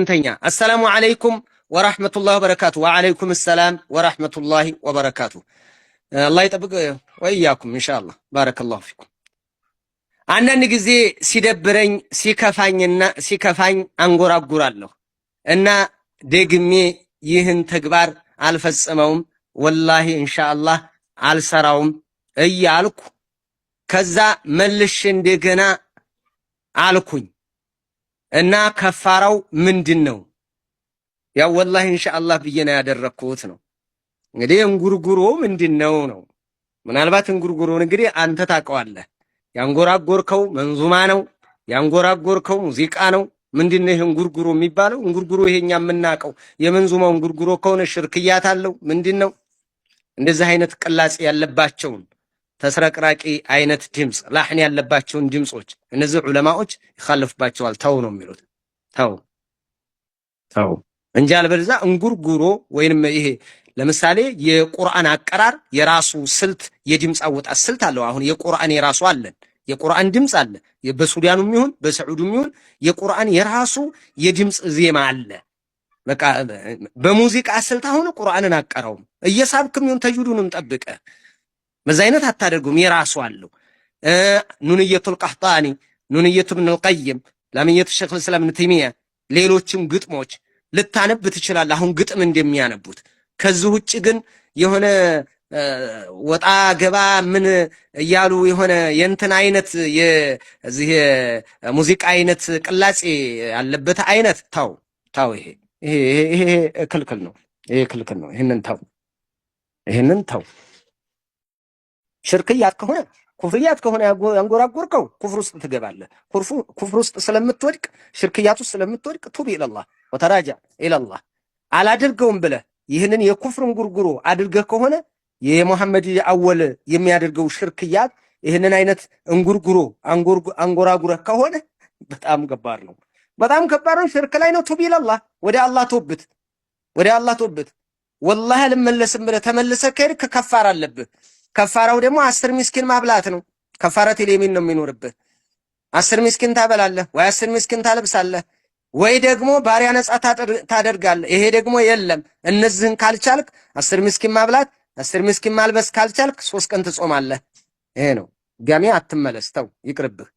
ስንተኛ? አሰላሙ አለይኩም ወራህመቱላሂ ወበረካቱ። ወአለይኩም ሰላም ወራህመቱላሂ ወበረካቱ። አላህ ይጠብቅ ወያኩም ኢንሻአላህ። ባረከላሁ ፊኩም። አንዳንድ ጊዜ ሲደብረኝ ሲከፋኝና ሲከፋኝ አንጎራጉራለሁ እና ደግሜ ይህን ተግባር አልፈጽመውም ወላሂ ኢንሻአላህ አልሰራውም እያልኩ ከዛ መልሽ እንደገና አልኩኝ እና ከፋራው ምንድን ነው? ያው ወላሂ ኢንሻአላህ ብዬ ነው ያደረግኩት ነው። እንግዲህ እንጉርጉሮ ምንድን ነው ነው? ምናልባት እንጉርጉሮን እንግዲህ አንተ ታውቀዋለህ። ያንጎራጎርከው መንዙማ ነው፣ ያንጎራጎርከው ሙዚቃ ነው። ምንድን ነው ይህ እንጉርጉሮ የሚባለው? እንጉርጉሮ ይሄኛ የምናውቀው የመንዙማው እንጉርጉሮ ከሆነ ሽርክያት አለው ምንድን ነው? እንደዚህ አይነት ቅላጽ ያለባቸውን ተስረቅራቂ አይነት ድምፅ ላህን ያለባቸውን ድምፆች እነዚህ ዑለማዎች ይካለፉባቸዋል። ተው ነው የሚሉት። ተው ተው እንጂ አልበለዚያ እንጉርጉሮ ወይንም ይሄ ለምሳሌ የቁርአን አቀራር የራሱ ስልት የድምፅ አወጣት ስልት አለው። አሁን የቁርአን የራሱ አለን የቁርአን ድምፅ አለ። በሱዳኑም ይሁን በሰዑዱም ይሁን የቁርአን የራሱ የድምፅ ዜማ አለ። በቃ በሙዚቃ ስልት አሁን ቁርአንን አቀራውም እየሳብክም ይሁን ተጅዱንም ጠብቀ በዛ አይነት አታደርጉም። የራሱ አለው። ኑንየቱል ቀህጣኒ፣ ኑንየቱ ብኑል ቀይም፣ ላምየቱ ሸይኹል ኢስላም ብኑ ተይሚያ፣ ሌሎችም ግጥሞች ልታነብ ትችላለህ። አሁን ግጥም እንደሚያነቡት ከዚህ ውጭ ግን የሆነ ወጣ ገባ ምን እያሉ የሆነ የእንትን አይነት የዚህ ሙዚቃ አይነት ቅላጼ ያለበት አይነት ታው ታው። ይሄ ይሄ ይሄ ክልክል ነው። ይሄ ክልክል ነው። ይሄንን ታው፣ ይሄንን ታው። ሽርክያት ከሆነ ኩፍርያት ከሆነ ያንጎራጎርከው ኩፍር ውስጥ ትገባለህ። ኩፍር ውስጥ ስለምትወድቅ ሽርክያት ውስጥ ስለምትወድቅ ቱብ ኢለላህ ወተራጃ ኢለላህ። አላደርገውም ብለህ ይህንን የኩፍርን ጉርጉሮ አድርገህ ከሆነ የሙሐመድ አወል የሚያደርገው ሽርክያት ይህንን አይነት እንጉርጉሮ አንጎራጉረህ ከሆነ በጣም ከባድ ነው። በጣም ከባድ ነው። ሽርክ ላይ ነው። ቱብ ኢለላህ ወደ አላህ ተውብት፣ ወደ አላህ ቶብት። ወላሂ አልመለስም ብለህ ተመልሰህ ከሄድክ ከፋር አለብህ ከፋራው ደግሞ አስር ሚስኪን ማብላት ነው። ከፋረት የሌሚን ነው የሚኖርብህ። አስር ሚስኪን ታበላለህ ወይ አስር ሚስኪን ታለብሳለህ ወይ ደግሞ ባሪያ ነጻ ታደርጋለህ። ይሄ ደግሞ የለም። እነዚህን ካልቻልክ አስር ሚስኪን ማብላት፣ አስር ሚስኪን ማልበስ ካልቻልክ ሶስት ቀን ትጾማለህ። ይሄ ነው። ድጋሜ አትመለስ። ተው ይቅርብህ።